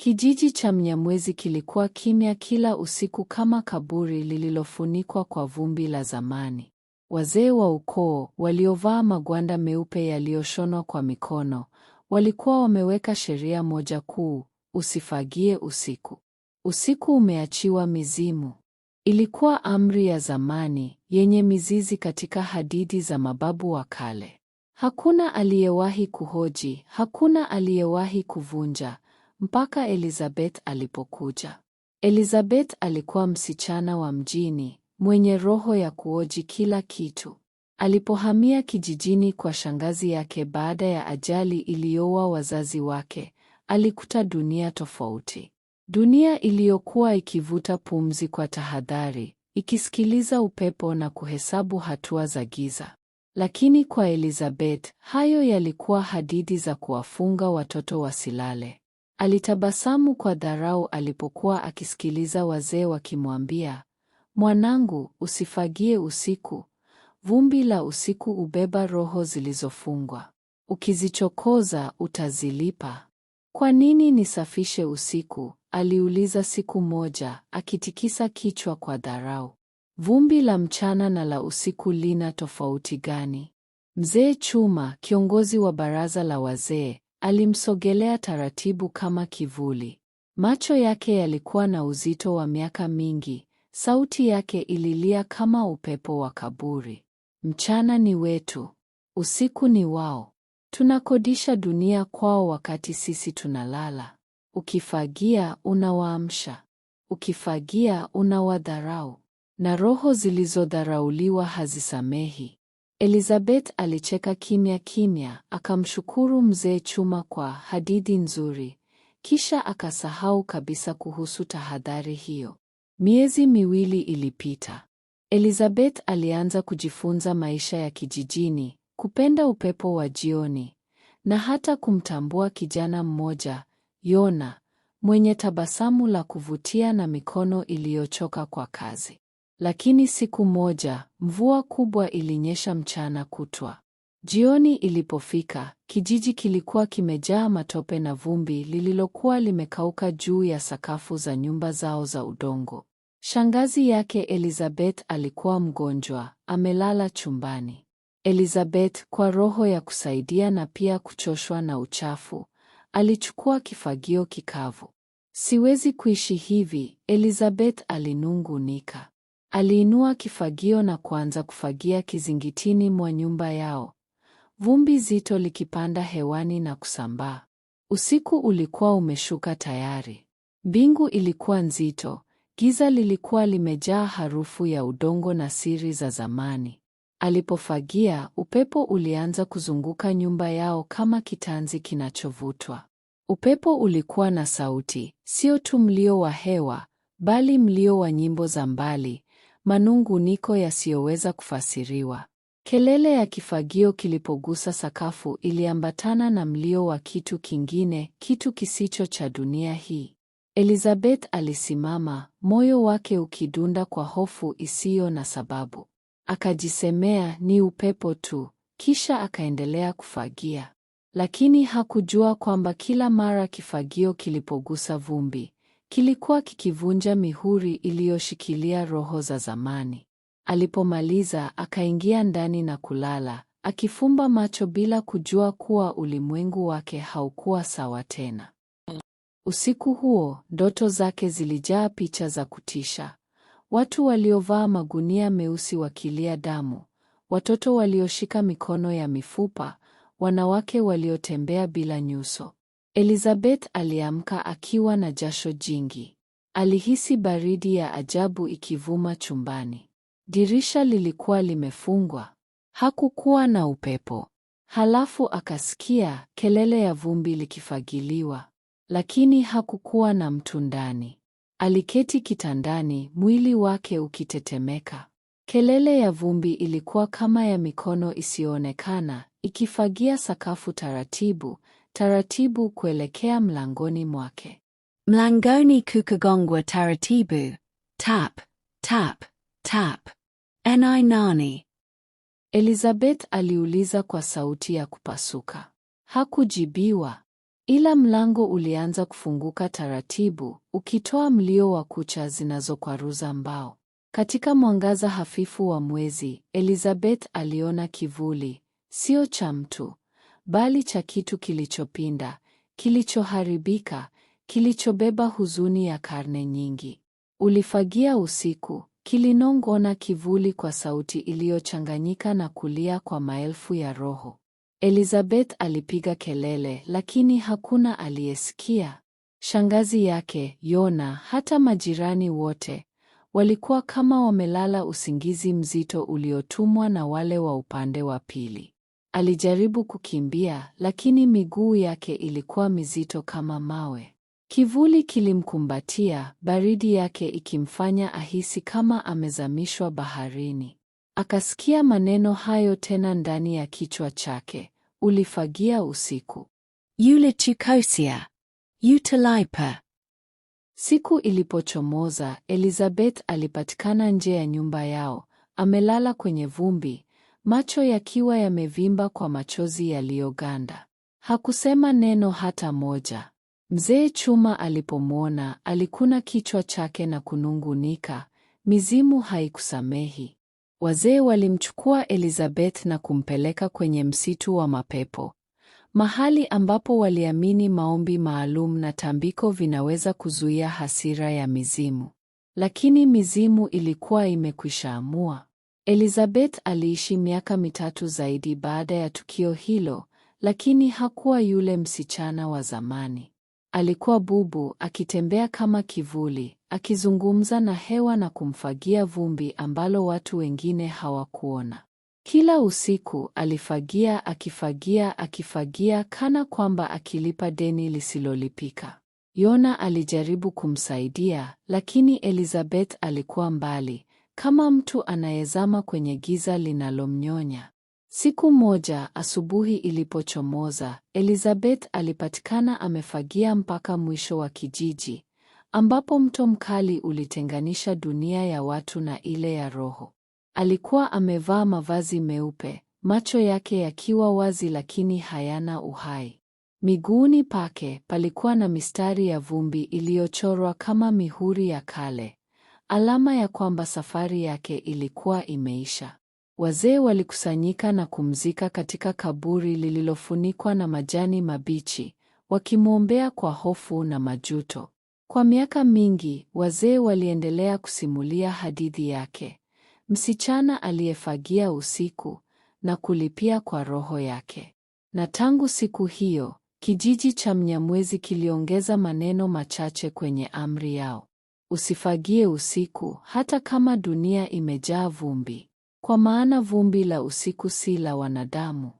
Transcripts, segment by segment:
Kijiji cha Mnyamwezi kilikuwa kimya kila usiku kama kaburi lililofunikwa kwa vumbi la zamani. Wazee wa ukoo waliovaa magwanda meupe yaliyoshonwa kwa mikono walikuwa wameweka sheria moja kuu: usifagie usiku. Usiku umeachiwa mizimu. Ilikuwa amri ya zamani yenye mizizi katika hadithi za mababu wa kale. Hakuna aliyewahi kuhoji, hakuna aliyewahi kuvunja, mpaka Elizabeth alipokuja. Elizabeth alikuwa msichana wa mjini mwenye roho ya kuoji kila kitu. Alipohamia kijijini kwa shangazi yake baada ya ajali iliyoua wazazi wake, alikuta dunia tofauti, dunia iliyokuwa ikivuta pumzi kwa tahadhari, ikisikiliza upepo na kuhesabu hatua za giza. Lakini kwa Elizabeth, hayo yalikuwa hadidi za kuwafunga watoto wasilale. Alitabasamu kwa dharau alipokuwa akisikiliza wazee wakimwambia, mwanangu, usifagie usiku, vumbi la usiku hubeba roho zilizofungwa, ukizichokoza utazilipa. Kwa nini nisafishe usiku? aliuliza siku moja, akitikisa kichwa kwa dharau. Vumbi la mchana na la usiku lina tofauti gani? Mzee Chuma, kiongozi wa baraza la wazee, Alimsogelea taratibu kama kivuli. Macho yake yalikuwa na uzito wa miaka mingi, sauti yake ililia kama upepo wa kaburi. Mchana ni wetu, usiku ni wao. Tunakodisha dunia kwao wakati sisi tunalala. Ukifagia unawaamsha, ukifagia unawadharau, na roho zilizodharauliwa hazisamehi. Elizabeth alicheka kimya kimya, akamshukuru mzee Chuma kwa hadithi nzuri, kisha akasahau kabisa kuhusu tahadhari hiyo. Miezi miwili ilipita. Elizabeth alianza kujifunza maisha ya kijijini, kupenda upepo wa jioni na hata kumtambua kijana mmoja, Yona, mwenye tabasamu la kuvutia na mikono iliyochoka kwa kazi. Lakini siku moja mvua kubwa ilinyesha mchana kutwa. Jioni ilipofika, kijiji kilikuwa kimejaa matope na vumbi lililokuwa limekauka juu ya sakafu za nyumba zao za udongo. Shangazi yake Elizabeth alikuwa mgonjwa, amelala chumbani. Elizabeth, kwa roho ya kusaidia na pia kuchoshwa na uchafu, alichukua kifagio kikavu. Siwezi kuishi hivi, Elizabeth alinungunika. Aliinua kifagio na kuanza kufagia kizingitini mwa nyumba yao, vumbi zito likipanda hewani na kusambaa. Usiku ulikuwa umeshuka tayari. Mbingu ilikuwa nzito, giza lilikuwa limejaa harufu ya udongo na siri za zamani. Alipofagia, upepo ulianza kuzunguka nyumba yao kama kitanzi kinachovutwa. Upepo ulikuwa na sauti, sio tu mlio wa hewa, bali mlio wa nyimbo za mbali, manunguniko yasiyoweza kufasiriwa. Kelele ya kifagio kilipogusa sakafu iliambatana na mlio wa kitu kingine, kitu kisicho cha dunia hii. Elizabeth alisimama, moyo wake ukidunda kwa hofu isiyo na sababu. Akajisemea ni upepo tu, kisha akaendelea kufagia. Lakini hakujua kwamba kila mara kifagio kilipogusa vumbi, Kilikuwa kikivunja mihuri iliyoshikilia roho za zamani. Alipomaliza akaingia ndani na kulala, akifumba macho bila kujua kuwa ulimwengu wake haukuwa sawa tena. Usiku huo ndoto zake zilijaa picha za kutisha: watu waliovaa magunia meusi wakilia damu, watoto walioshika mikono ya mifupa, wanawake waliotembea bila nyuso. Elizabeth aliamka akiwa na jasho jingi. Alihisi baridi ya ajabu ikivuma chumbani. Dirisha lilikuwa limefungwa. Hakukuwa na upepo. Halafu akasikia kelele ya vumbi likifagiliwa, lakini hakukuwa na mtu ndani. Aliketi kitandani, mwili wake ukitetemeka. Kelele ya vumbi ilikuwa kama ya mikono isiyoonekana, ikifagia sakafu taratibu, taratibu kuelekea mlangoni mwake. Mlangoni kukagongwa taratibu, tap tap tap. Ni nani? Elizabeth aliuliza kwa sauti ya kupasuka. Hakujibiwa, ila mlango ulianza kufunguka taratibu, ukitoa mlio wa kucha zinazokwaruza mbao. Katika mwangaza hafifu wa mwezi, Elizabeth aliona kivuli, sio cha mtu, bali cha kitu kilichopinda, kilichoharibika, kilichobeba huzuni ya karne nyingi. Ulifagia usiku, kilinong'ona kivuli kwa sauti iliyochanganyika na kulia kwa maelfu ya roho. Elizabeth alipiga kelele, lakini hakuna aliyesikia. Shangazi yake Yona, hata majirani wote walikuwa kama wamelala usingizi mzito uliotumwa na wale wa upande wa pili. Alijaribu kukimbia, lakini miguu yake ilikuwa mizito kama mawe. Kivuli kilimkumbatia, baridi yake ikimfanya ahisi kama amezamishwa baharini. Akasikia maneno hayo tena ndani ya kichwa chake, ulifagia usiku. Ulichukosia, utalipa. Siku ilipochomoza, Elizabeth alipatikana nje ya nyumba yao, amelala kwenye vumbi, macho yakiwa yamevimba kwa machozi yaliyoganda. Hakusema neno hata moja. Mzee Chuma alipomwona alikuna kichwa chake na kunungunika, mizimu haikusamehi. Wazee walimchukua Elizabeth na kumpeleka kwenye msitu wa mapepo, mahali ambapo waliamini maombi maalum na tambiko vinaweza kuzuia hasira ya mizimu, lakini mizimu ilikuwa imekwishaamua. Elizabeth aliishi miaka mitatu zaidi baada ya tukio hilo, lakini hakuwa yule msichana wa zamani. Alikuwa bubu akitembea kama kivuli, akizungumza na hewa na kumfagia vumbi ambalo watu wengine hawakuona. Kila usiku alifagia, akifagia, akifagia kana kwamba akilipa deni lisilolipika. Yona alijaribu kumsaidia, lakini Elizabeth alikuwa mbali, kama mtu anayezama kwenye giza linalomnyonya. Siku moja asubuhi ilipochomoza, Elizabeth alipatikana amefagia mpaka mwisho wa kijiji, ambapo mto mkali ulitenganisha dunia ya watu na ile ya roho. Alikuwa amevaa mavazi meupe, macho yake yakiwa wazi lakini hayana uhai. Miguuni pake palikuwa na mistari ya vumbi iliyochorwa kama mihuri ya kale alama ya kwamba safari yake ilikuwa imeisha. Wazee walikusanyika na kumzika katika kaburi lililofunikwa na majani mabichi, wakimwombea kwa hofu na majuto. Kwa miaka mingi, wazee waliendelea kusimulia hadithi yake, msichana aliyefagia usiku na kulipia kwa roho yake. Na tangu siku hiyo, kijiji cha Mnyamwezi kiliongeza maneno machache kwenye amri yao. Usifagie usiku, hata kama dunia imejaa vumbi, kwa maana vumbi la usiku si la wanadamu.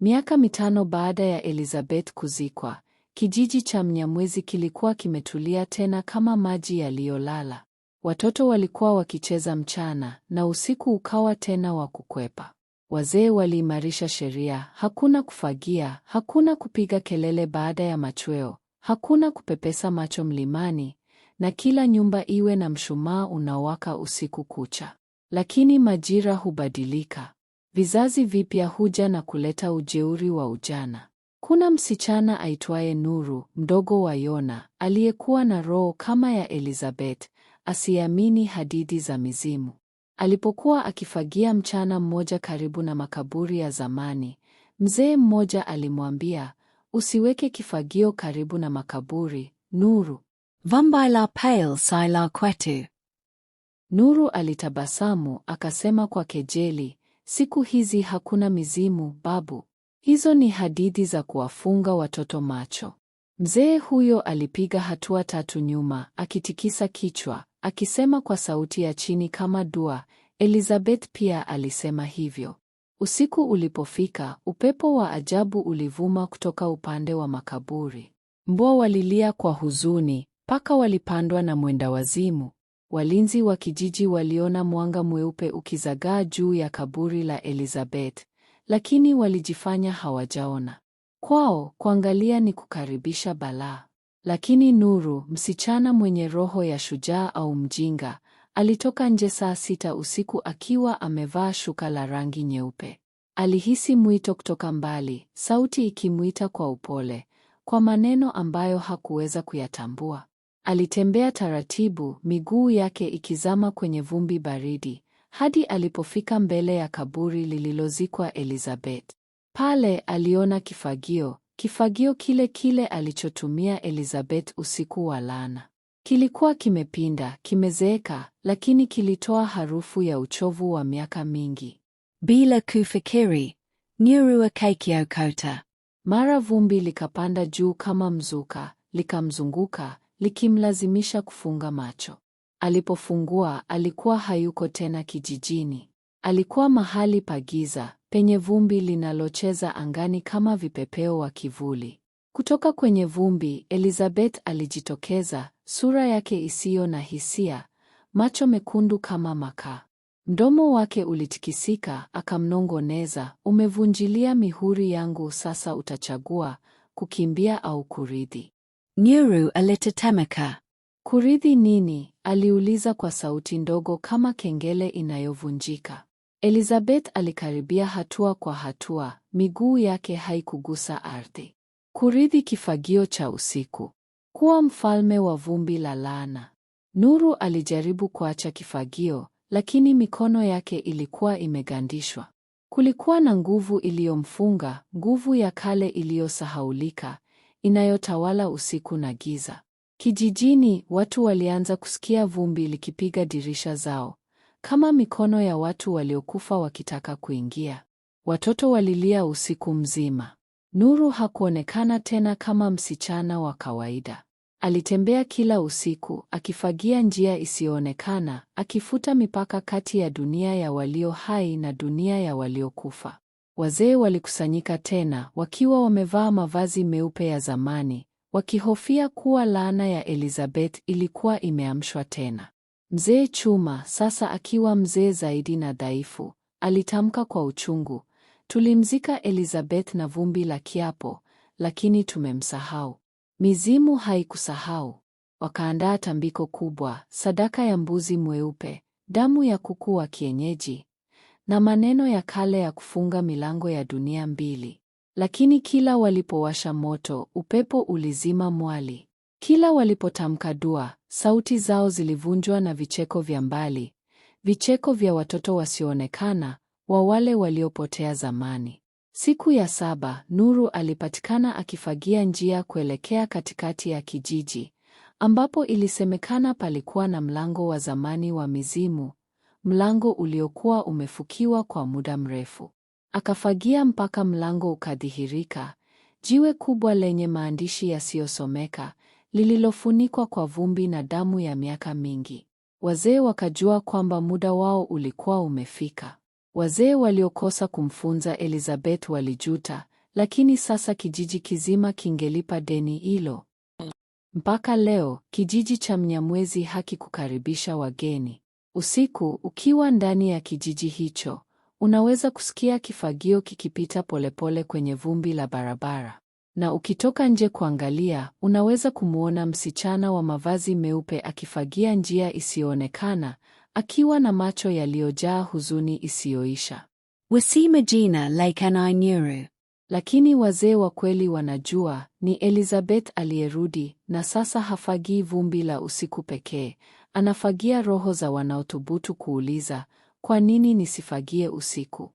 Miaka mitano baada ya Elizabeth kuzikwa, kijiji cha Mnyamwezi kilikuwa kimetulia tena kama maji yaliyolala. Watoto walikuwa wakicheza mchana na usiku ukawa tena wa kukwepa. Wazee waliimarisha sheria: hakuna kufagia, hakuna kupiga kelele baada ya machweo, hakuna kupepesa macho mlimani, na kila nyumba iwe na mshumaa unawaka usiku kucha. Lakini majira hubadilika, vizazi vipya huja na kuleta ujeuri wa ujana. Kuna msichana aitwaye Nuru, mdogo wa Yona, aliyekuwa na roho kama ya Elizabeth, asiamini hadithi za mizimu. Alipokuwa akifagia mchana mmoja karibu na makaburi ya zamani, mzee mmoja alimwambia, usiweke kifagio karibu na makaburi, Nuru. Vambai la pale sai la kwetu. Nuru alitabasamu akasema kwa kejeli, siku hizi hakuna mizimu babu, hizo ni hadithi za kuwafunga watoto macho. Mzee huyo alipiga hatua tatu nyuma, akitikisa kichwa, akisema kwa sauti ya chini kama dua. Elizabeth pia alisema hivyo. Usiku ulipofika, upepo wa ajabu ulivuma kutoka upande wa makaburi. Mbwa walilia kwa huzuni, Paka walipandwa na mwendawazimu. Walinzi wa kijiji waliona mwanga mweupe ukizagaa juu ya kaburi la Elizabeth, lakini walijifanya hawajaona. Kwao kuangalia ni kukaribisha balaa. Lakini Nuru, msichana mwenye roho ya shujaa au mjinga, alitoka nje saa sita usiku akiwa amevaa shuka la rangi nyeupe. Alihisi mwito kutoka mbali, sauti ikimwita kwa upole, kwa maneno ambayo hakuweza kuyatambua. Alitembea taratibu, miguu yake ikizama kwenye vumbi baridi, hadi alipofika mbele ya kaburi lililozikwa Elizabeth. Pale aliona kifagio, kifagio kile kile alichotumia Elizabeth usiku wa laana. Kilikuwa kimepinda, kimezeeka, lakini kilitoa harufu ya uchovu wa miaka mingi. Bila kufikiri, Nyuru kaikiokota. Mara vumbi likapanda juu kama mzuka, likamzunguka likimlazimisha kufunga macho. Alipofungua alikuwa hayuko tena kijijini. Alikuwa mahali pa giza penye vumbi linalocheza angani kama vipepeo wa kivuli. Kutoka kwenye vumbi, Elizabeth alijitokeza, sura yake isiyo na hisia, macho mekundu kama makaa. Mdomo wake ulitikisika, akamnongoneza, umevunjilia mihuri yangu, sasa utachagua kukimbia au kuridhi. Nyeru alitetemeka. Kurithi nini? aliuliza kwa sauti ndogo kama kengele inayovunjika. Elizabeth alikaribia hatua kwa hatua, miguu yake haikugusa ardhi. Kurithi kifagio cha usiku, kuwa mfalme wa vumbi la laana. Nuru alijaribu kuacha kifagio, lakini mikono yake ilikuwa imegandishwa. Kulikuwa na nguvu iliyomfunga, nguvu ya kale iliyosahaulika, inayotawala usiku na giza. Kijijini watu walianza kusikia vumbi likipiga dirisha zao, kama mikono ya watu waliokufa wakitaka kuingia. Watoto walilia usiku mzima. Nuru hakuonekana tena kama msichana wa kawaida. Alitembea kila usiku, akifagia njia isiyoonekana, akifuta mipaka kati ya dunia ya walio hai na dunia ya waliokufa wazee walikusanyika tena wakiwa wamevaa mavazi meupe ya zamani, wakihofia kuwa laana ya Elizabeth ilikuwa imeamshwa tena. Mzee Chuma, sasa akiwa mzee zaidi na dhaifu, alitamka kwa uchungu, tulimzika Elizabeth na vumbi la kiapo, lakini tumemsahau. Mizimu haikusahau. Wakaandaa tambiko kubwa, sadaka ya mbuzi mweupe, damu ya kuku wa kienyeji na maneno ya kale ya kufunga milango ya dunia mbili. Lakini kila walipowasha moto, upepo ulizima mwali. Kila walipotamka dua, sauti zao zilivunjwa na vicheko vya mbali, vicheko vya watoto wasioonekana, wa wale waliopotea zamani. Siku ya saba, Nuru alipatikana akifagia njia kuelekea katikati ya kijiji, ambapo ilisemekana palikuwa na mlango wa zamani wa mizimu mlango uliokuwa umefukiwa kwa muda mrefu. Akafagia mpaka mlango ukadhihirika, jiwe kubwa lenye maandishi yasiyosomeka lililofunikwa kwa vumbi na damu ya miaka mingi. Wazee wakajua kwamba muda wao ulikuwa umefika. Wazee waliokosa kumfunza Elizabeth walijuta, lakini sasa kijiji kizima kingelipa deni hilo. Mpaka leo kijiji cha Mnyamwezi hakikukaribisha wageni. Usiku ukiwa ndani ya kijiji hicho, unaweza kusikia kifagio kikipita polepole kwenye vumbi la barabara, na ukitoka nje kuangalia, unaweza kumwona msichana wa mavazi meupe akifagia njia isiyoonekana, akiwa na macho yaliyojaa huzuni isiyoisha. like Lakini wazee wa kweli wanajua, ni Elizabeth aliyerudi, na sasa hafagii vumbi la usiku pekee, Anafagia roho za wanaothubutu kuuliza, kwa nini nisifagie usiku?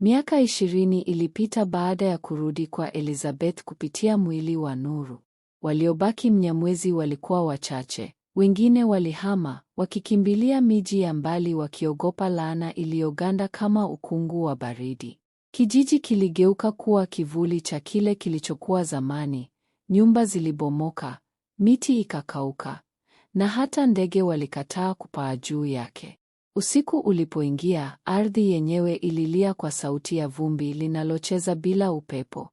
Miaka ishirini ilipita baada ya kurudi kwa Elizabeth kupitia mwili wa Nuru. Waliobaki Mnyamwezi walikuwa wachache, wengine walihama, wakikimbilia miji ya mbali wakiogopa laana iliyoganda kama ukungu wa baridi. Kijiji kiligeuka kuwa kivuli cha kile kilichokuwa zamani. Nyumba zilibomoka, miti ikakauka, na hata ndege walikataa kupaa juu yake. Usiku ulipoingia, ardhi yenyewe ililia kwa sauti ya vumbi linalocheza bila upepo,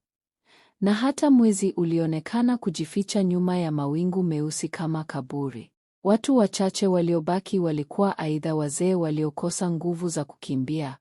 na hata mwezi ulionekana kujificha nyuma ya mawingu meusi kama kaburi. Watu wachache waliobaki walikuwa aidha wazee waliokosa nguvu za kukimbia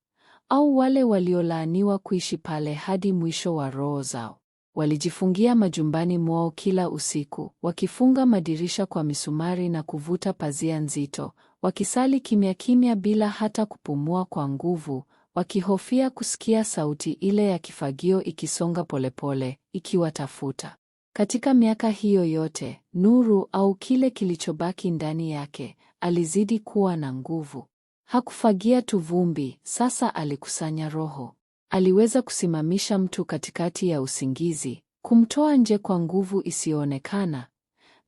au wale waliolaaniwa kuishi pale hadi mwisho wa roho zao. Walijifungia majumbani mwao kila usiku, wakifunga madirisha kwa misumari na kuvuta pazia nzito, wakisali kimya kimya bila hata kupumua kwa nguvu, wakihofia kusikia sauti ile ya kifagio ikisonga polepole, ikiwatafuta. Katika miaka hiyo yote, Nuru au kile kilichobaki ndani yake, alizidi kuwa na nguvu. Hakufagia tu vumbi, sasa alikusanya roho. Aliweza kusimamisha mtu katikati ya usingizi, kumtoa nje kwa nguvu isiyoonekana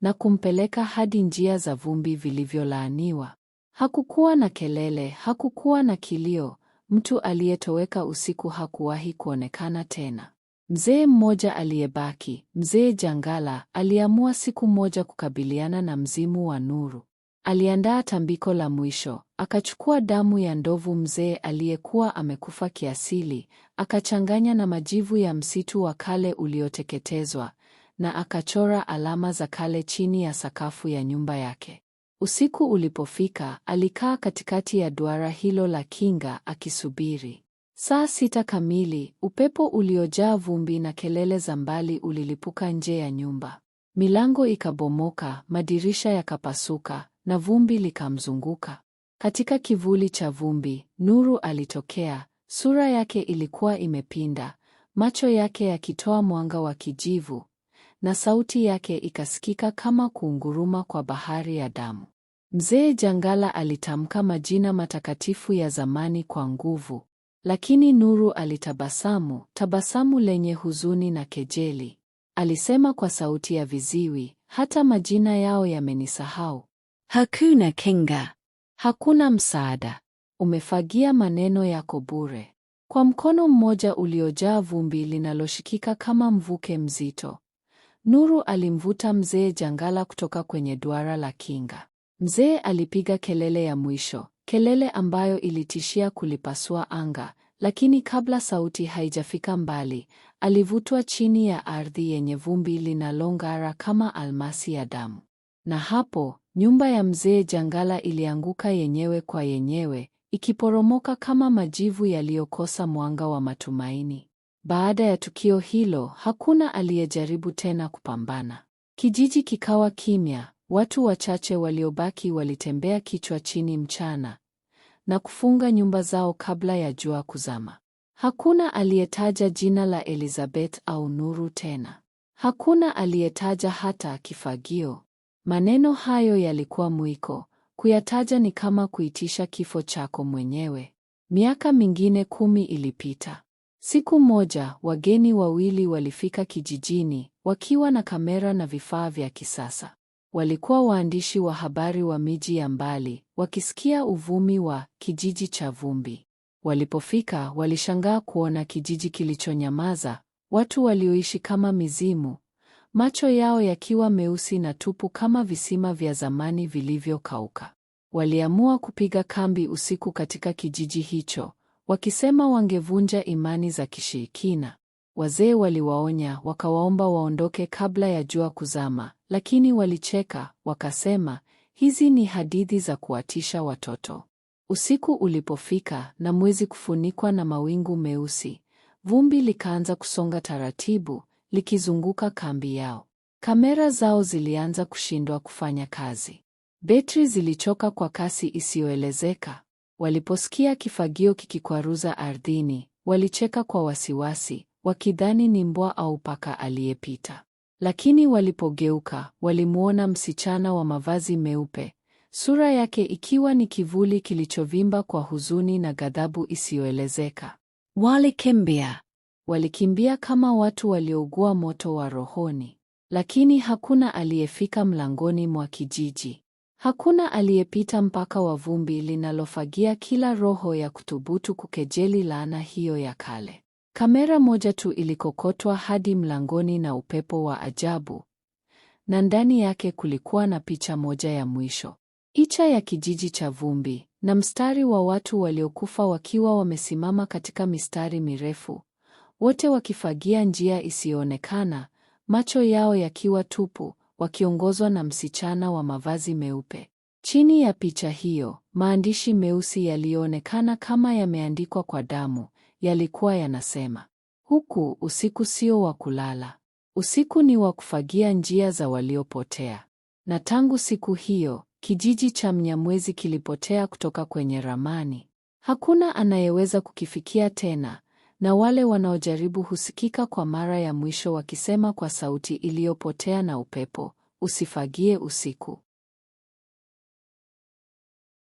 na kumpeleka hadi njia za vumbi vilivyolaaniwa. Hakukuwa na kelele, hakukuwa na kilio. Mtu aliyetoweka usiku hakuwahi kuonekana tena. Mzee mmoja aliyebaki, mzee Jangala, aliamua siku moja kukabiliana na mzimu wa Nuru. Aliandaa tambiko la mwisho, akachukua damu ya ndovu mzee aliyekuwa amekufa kiasili, akachanganya na majivu ya msitu wa kale ulioteketezwa, na akachora alama za kale chini ya sakafu ya nyumba yake. Usiku ulipofika, alikaa katikati ya duara hilo la kinga akisubiri. Saa sita kamili, upepo uliojaa vumbi na kelele za mbali ulilipuka nje ya nyumba. Milango ikabomoka, madirisha yakapasuka, na vumbi likamzunguka. Katika kivuli cha vumbi, Nuru alitokea. Sura yake ilikuwa imepinda, macho yake yakitoa mwanga wa kijivu, na sauti yake ikasikika kama kuunguruma kwa bahari ya damu. Mzee Jangala alitamka majina matakatifu ya zamani kwa nguvu, lakini Nuru alitabasamu, tabasamu lenye huzuni na kejeli. Alisema kwa sauti ya viziwi, hata majina yao yamenisahau. Hakuna kinga, hakuna msaada. Umefagia maneno yako bure, kwa mkono mmoja uliojaa vumbi linaloshikika kama mvuke mzito. Nuru alimvuta mzee jangala kutoka kwenye duara la kinga. Mzee alipiga kelele ya mwisho, kelele ambayo ilitishia kulipasua anga, lakini kabla sauti haijafika mbali, alivutwa chini ya ardhi yenye vumbi linalong'ara kama almasi ya damu. Na hapo nyumba ya mzee Jangala ilianguka yenyewe kwa yenyewe, ikiporomoka kama majivu yaliyokosa mwanga wa matumaini. Baada ya tukio hilo, hakuna aliyejaribu tena kupambana. Kijiji kikawa kimya. Watu wachache waliobaki walitembea kichwa chini mchana na kufunga nyumba zao kabla ya jua kuzama. Hakuna aliyetaja jina la Elizabeth au Nuru tena. Hakuna aliyetaja hata kifagio. Maneno hayo yalikuwa mwiko, kuyataja ni kama kuitisha kifo chako mwenyewe. Miaka mingine kumi ilipita. Siku moja, wageni wawili walifika kijijini wakiwa na kamera na vifaa vya kisasa. Walikuwa waandishi wa habari wa miji ya mbali, wakisikia uvumi wa kijiji cha vumbi. Walipofika, walishangaa kuona kijiji kilichonyamaza, watu walioishi kama mizimu, macho yao yakiwa meusi na tupu kama visima vya zamani vilivyokauka. Waliamua kupiga kambi usiku katika kijiji hicho, wakisema wangevunja imani za kishirikina. Wazee waliwaonya, wakawaomba waondoke kabla ya jua kuzama, lakini walicheka, wakasema, hizi ni hadithi za kuwatisha watoto. Usiku ulipofika na mwezi kufunikwa na mawingu meusi, vumbi likaanza kusonga taratibu, likizunguka kambi yao. Kamera zao zilianza kushindwa kufanya kazi, betri zilichoka kwa kasi isiyoelezeka. Waliposikia kifagio kikikwaruza ardhini, walicheka kwa wasiwasi, wakidhani ni mbwa au paka aliyepita. Lakini walipogeuka, walimwona msichana wa mavazi meupe, sura yake ikiwa ni kivuli kilichovimba kwa huzuni na ghadhabu isiyoelezeka. Walikimbia Walikimbia kama watu waliougua moto wa rohoni, lakini hakuna aliyefika mlangoni mwa kijiji. Hakuna aliyepita mpaka wa vumbi linalofagia kila roho ya kuthubutu kukejeli laana hiyo ya kale. Kamera moja tu ilikokotwa hadi mlangoni na upepo wa ajabu, na ndani yake kulikuwa na picha moja ya mwisho, picha ya kijiji cha vumbi na mstari wa watu waliokufa wakiwa wamesimama katika mistari mirefu, wote wakifagia njia isiyoonekana, macho yao yakiwa tupu, wakiongozwa na msichana wa mavazi meupe. Chini ya picha hiyo, maandishi meusi yaliyoonekana kama yameandikwa kwa damu yalikuwa yanasema, huku usiku sio wa kulala, usiku ni wa kufagia njia za waliopotea. Na tangu siku hiyo, kijiji cha Mnyamwezi kilipotea kutoka kwenye ramani. Hakuna anayeweza kukifikia tena, na wale wanaojaribu husikika kwa mara ya mwisho wakisema kwa sauti iliyopotea na upepo, usifagie usiku.